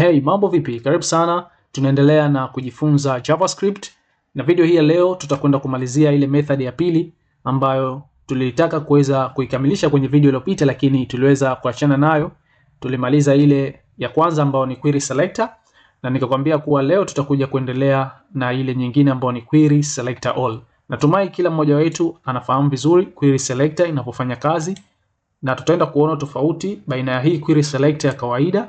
Hey, mambo vipi? Karibu sana. Tunaendelea na kujifunza JavaScript na video hii ya leo tutakwenda kumalizia ile method ya pili ambayo tulitaka kuweza kuikamilisha kwenye video iliyopita, lakini tuliweza kuachana nayo. Tulimaliza ile ya kwanza ambayo ni query selector, na nikakwambia kuwa leo tutakuja kuendelea na ile nyingine ambayo ni query selector all. Natumai kila mmoja wetu anafahamu vizuri query selector inapofanya kazi, na tutaenda kuona tofauti baina ya hii query selector ya kawaida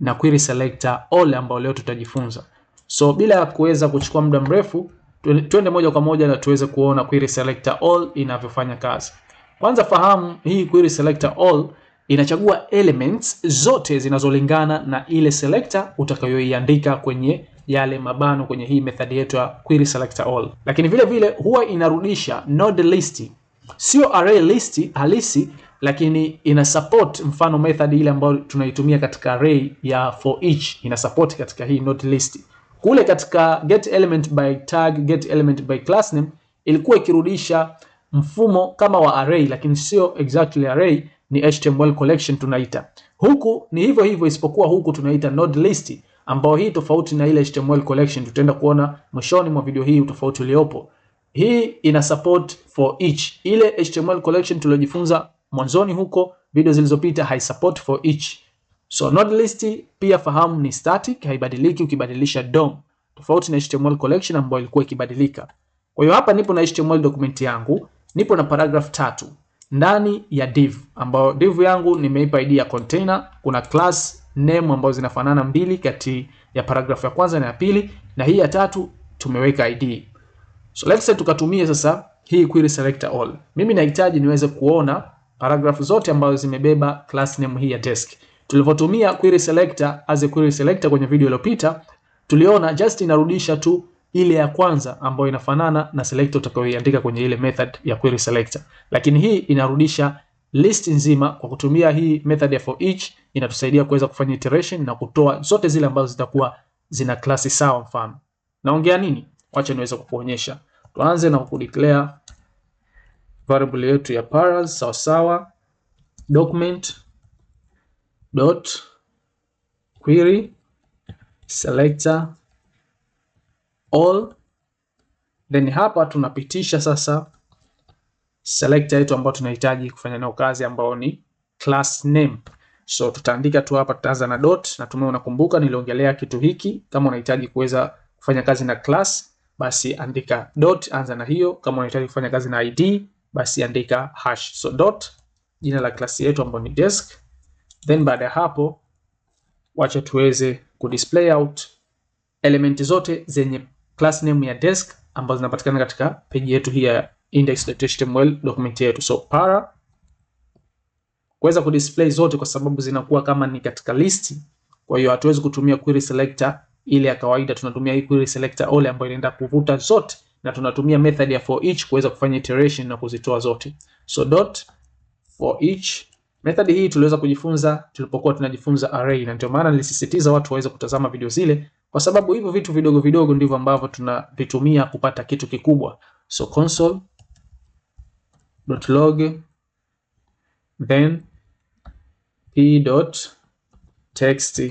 na query selector all ambao leo tutajifunza. So bila ya kuweza kuchukua muda mrefu, twende moja kwa moja na tuweze kuona query selector all inavyofanya kazi. Kwanza fahamu hii query selector all inachagua elements zote zinazolingana na ile selector utakayoiandika kwenye yale mabano kwenye hii method yetu ya query selector all. Lakini vile vile huwa inarudisha node list, sio array list halisi lakini ina support mfano method ile ambayo tunaitumia katika array ya for each ina support katika hii not list. Kule katika get element by tag, get element by class name ilikuwa ikirudisha mfumo kama wa array, lakini sio exactly array, ni HTML collection tunaita. Huku ni hivyo hivyo, isipokuwa huku tunaita node list, ambayo hii tofauti na ile HTML collection. Tutaenda kuona mwishoni mwa video hii utofauti uliopo. Hii ina support for each. Ile HTML collection tuliojifunza mwanzoni huko video zilizopita hai support for each. So not list pia fahamu ni static, haibadiliki ukibadilisha DOM, tofauti na HTML collection ambayo ilikuwa ikibadilika. Kwa hiyo hapa nipo na HTML document yangu, nipo na paragraph tatu ndani ya div ambayo div yangu nimeipa id ya container. Kuna class name ambazo zinafanana mbili kati ya paragraph ya kwanza na ya pili, na hii ya tatu tumeweka id. So let's say tukatumie sasa hii query selector all. Mimi nahitaji niweze kuona paragraph zote ambazo zimebeba class name hii ya desk. Tulivyotumia query selector as a query selector kwenye video iliyopita, tuliona just inarudisha tu ile ya kwanza ambayo inafanana na selector utakayoiandika kwenye ile method ya query selector, lakini hii inarudisha list nzima. Kwa kutumia hii method ya for each, inatusaidia kuweza kufanya iteration na kutoa zote zile ambazo zitakuwa zina class sawa. Mfano naongea nini? Wacha niweze kukuonyesha. Tuanze na kudeclare variable yetu ya paras sawasawa, document dot query selector all, then hapa tunapitisha sasa selector yetu ambayo tunahitaji kufanya nayo kazi ambayo ni class name. So tutaandika tu hapa, tutaanza na dot. Natumai unakumbuka niliongelea kitu hiki. Kama unahitaji kuweza kufanya kazi na class, basi andika dot, anza na hiyo. Kama unahitaji kufanya kazi na id basi andika hash. So dot jina la klasi yetu ambayo ni desk, then baada ya hapo wacha tuweze ku display out elementi zote zenye class name ya desk ambazo zinapatikana katika peji yetu hii ya index.html document yetu. So para kuweza ku display zote kwa sababu zinakuwa kama ni katika listi, kwa hiyo hatuwezi kutumia query selector ile ya kawaida. Tunatumia hii query selector ole ambayo inaenda kuvuta zote na tunatumia method ya for each kuweza kufanya iteration na kuzitoa zote. So dot for each method hii tuliweza kujifunza tulipokuwa tunajifunza array, na ndio maana nilisisitiza watu waweze kutazama video zile, kwa sababu hivyo vitu vidogo vidogo ndivyo ambavyo tunavitumia kupata kitu kikubwa. So log then text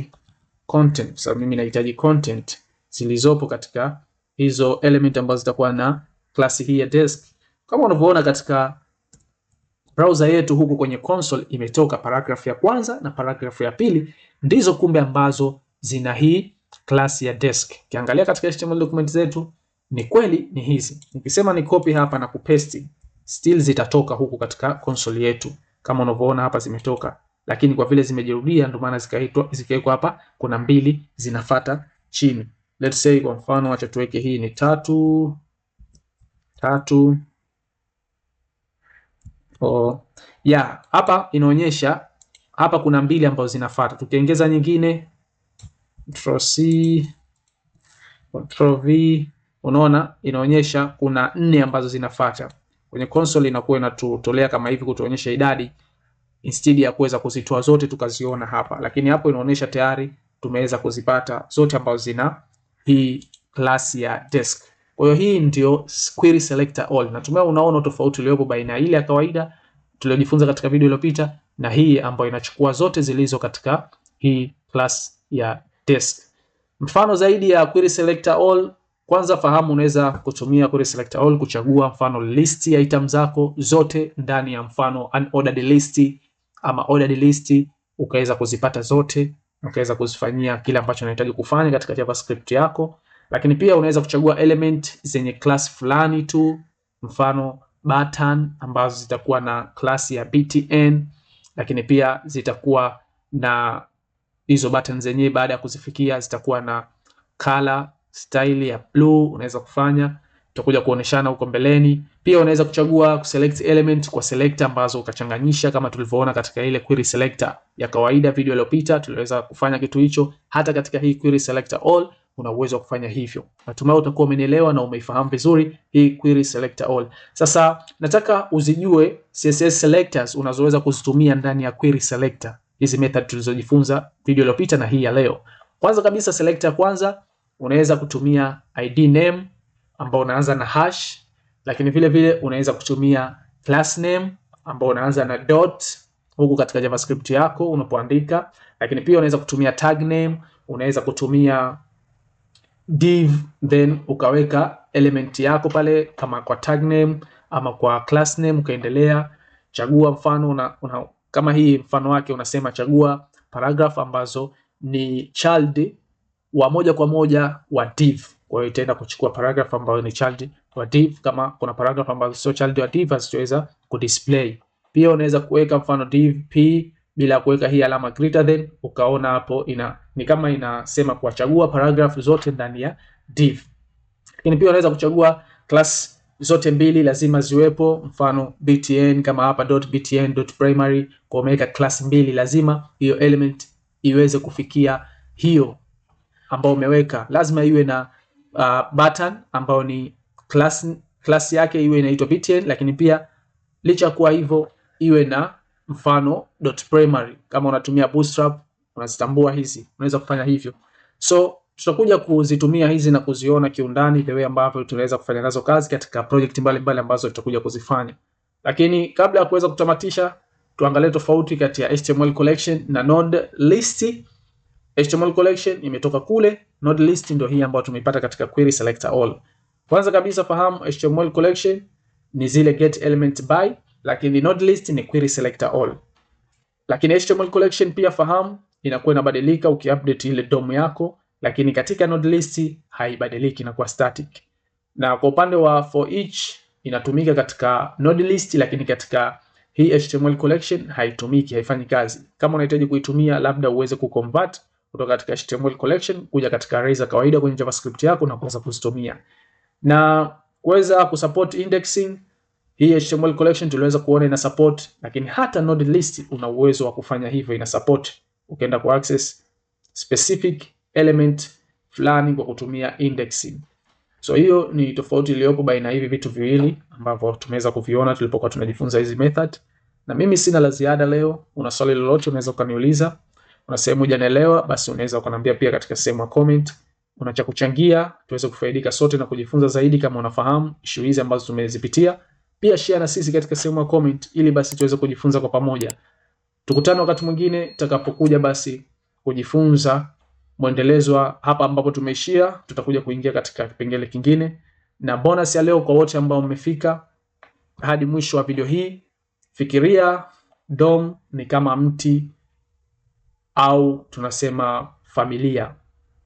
content, sababu mimi nahitaji content zilizopo katika hizo element ambazo zitakuwa na class hii ya desk. Kama unavyoona katika browser yetu huku kwenye console imetoka paragraph ya kwanza na paragraph ya pili ndizo kumbe ambazo zina hii class ya desk. Ukiangalia katika HTML document zetu ni kweli ni hizi. Nikisema ni copy hapa na kupaste still zitatoka huku katika console yetu. Kama unavyoona hapa zimetoka. Lakini kwa vile zimejirudia ndio maana zikaitwa zikawekwa hapa kuna mbili zinafata chini. Let's say kwa mfano, acha tuweke hii ni tatu tatu. Oh, yeah, hapa inaonyesha hapa kuna mbili ambazo zinafuata. Tukiongeza nyingine control C control V, unaona inaonyesha kuna nne ambazo zinafuata. Kwenye console inakuwa inatutolea kama hivi kutuonyesha idadi instead ya kuweza kuzitoa zote tukaziona hapa, lakini hapo inaonyesha tayari tumeweza kuzipata zote ambazo zina hii class ya desk. Kwa hiyo hii ndio query selector all. Natumai unaona tofauti iliyopo baina ya ile ya kawaida tuliyojifunza katika video iliyopita na hii ambayo inachukua zote zilizo katika hii class ya desk. Mfano zaidi ya query selector all, kwanza fahamu unaweza kutumia query selector all kuchagua mfano list ya item zako zote ndani ya mfano unordered list ama ordered list ukaweza kuzipata zote utaweza kuzifanyia kile ambacho unahitaji kufanya katika JavaScript yako, lakini pia unaweza kuchagua element zenye class fulani tu, mfano button ambazo zitakuwa na class ya btn, lakini pia zitakuwa na hizo button zenyewe baada ya kuzifikia zitakuwa na color style ya blue unaweza kufanya tutakuja kuoneshana huko mbeleni. Pia unaweza kuchagua kuselect element kwa selector ambazo ukachanganyisha kama tulivyoona katika ile query selector ya kawaida video iliyopita, tuliweza kufanya kitu hicho. Hata katika hii query selector all una uwezo wa kufanya hivyo. Natumai utakuwa umenielewa na umeifahamu vizuri hii query selector all. Sasa nataka uzijue CSS selectors unazoweza kuzitumia ndani ya query selector, hizi method tulizojifunza video iliyopita na hii ya leo. Kwanza kabisa, selector kwanza unaweza kutumia id name ambao unaanza na hash, lakini vile vile unaweza kutumia class name ambao unaanza na dot huku katika JavaScript yako unapoandika, lakini pia unaweza kutumia tag name, unaweza kutumia div then ukaweka element yako pale kama kwa tag name ama kwa class name ukaendelea. Chagua mfano una, una, kama hii mfano wake unasema chagua paragraph ambazo ni child wa moja kwa moja wa div kwa hiyo itaenda kuchukua paragraph ambayo ni child wa div, kama kuna paragraph ambazo sio child wa div hazitaweza kudisplay. Pia unaweza kuweka mfano div p bila kuweka hii alama greater than, ukaona hapo ina ni kama inasema kuwachagua paragraph zote ndani ya div. Lakini pia unaweza kuchagua class zote mbili lazima ziwepo, mfano btn kama hapa .btn.primary, kwa umeweka class mbili, lazima hiyo element iweze kufikia hiyo ambayo umeweka, lazima iwe na uh, button ambayo ni class, class yake iwe inaitwa btn, lakini pia licha kuwa hivyo iwe na mfano dot primary. Kama unatumia bootstrap unazitambua hizi, unaweza kufanya hivyo. So tutakuja kuzitumia hizi na kuziona kiundani the way ambavyo tunaweza kufanya nazo kazi katika project mbalimbali ambazo tutakuja kuzifanya, lakini kabla ya kuweza kutamatisha, tuangalie tofauti kati ya HTML collection na node list. HTML collection imetoka kule Node list ndio hii ambayo tumeipata katika query selector all. Kwanza kabisa fahamu HTML collection ni zile get element by, lakini node list ni query selector all. Lakini HTML collection pia fahamu inakuwa inabadilika ukiupdate ile DOM yako, lakini katika node list haibadiliki na kuwa static. Na kwa upande wa for each inatumika katika node list, lakini katika hii HTML collection haitumiki, haifanyi kazi. Kama unahitaji kuitumia, labda uweze kuconvert kutoka katika HTML collection kuja katika array za kawaida kwenye JavaScript yako na kuanza kuzitumia. Na kuweza kusupport indexing, hii HTML collection tuliweza kuona ina support, lakini hata node list una uwezo wa kufanya hivyo, ina support. Ukienda ku access specific element fulani kwa kutumia indexing. So hiyo ni tofauti iliyopo baina hivi vitu viwili ambavyo tumeweza kuviona tulipokuwa tunajifunza hizi method. Na mimi sina la ziada leo. Una swali lolote unaweza ukaniuliza una sehemu hujanielewa, basi unaweza ukaniambia pia katika sehemu ya comment. Una cha kuchangia, tuweze kufaidika sote na kujifunza zaidi kama unafahamu issue hizi ambazo tumezipitia. Pia share na sisi katika sehemu ya comment ili basi tuweze kujifunza kwa pamoja. Tukutane wakati mwingine tutakapokuja basi kujifunza muendelezwa hapa ambapo tumeishia, tutakuja kuingia katika kipengele kingine. Na bonus ya leo kwa wote ambao mmefika hadi mwisho wa video hii, fikiria DOM ni kama mti au tunasema familia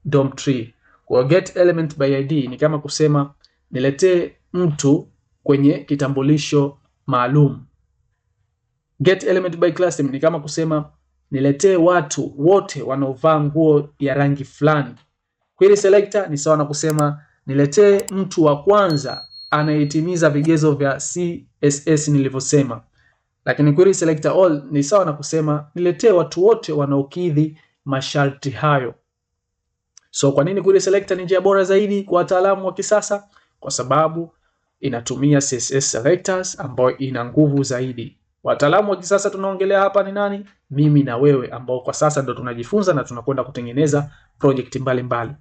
DOM tree. Kwa get element by id ni kama kusema niletee mtu kwenye kitambulisho maalum. Get element by class name ni kama kusema niletee watu wote wanaovaa nguo ya rangi fulani. Query selector ni sawa na kusema niletee mtu wa kwanza anayetimiza vigezo vya CSS nilivyosema. Lakini query selector all ni sawa na kusema niletee watu wote wanaokidhi masharti hayo. So kwa nini query selector ni njia bora zaidi kwa wataalamu wa kisasa? Kwa sababu inatumia CSS selectors ambayo ina nguvu zaidi. Wataalamu wa kisasa tunaongelea hapa ni nani? Mimi na wewe ambao kwa sasa ndo tunajifunza na tunakwenda kutengeneza project mbalimbali.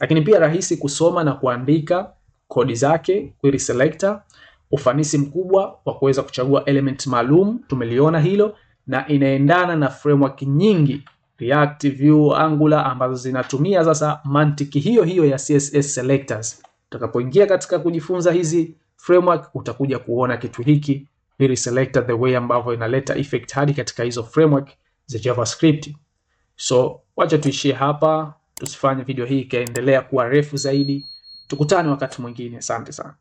Lakini pia rahisi kusoma na kuandika kodi zake query selector ufanisi mkubwa wa kuweza kuchagua element maalum, tumeliona hilo, na inaendana na framework nyingi React, Vue, Angular ambazo zinatumia sasa mantiki hiyo hiyo ya CSS selectors. Utakapoingia katika kujifunza hizi framework utakuja kuona kitu hiki very selector the way ambavyo inaleta effect hadi katika hizo framework za JavaScript. So wacha tuishie hapa, tusifanye video hii ikaendelea kuwa refu zaidi. Tukutane wakati mwingine, asante sana.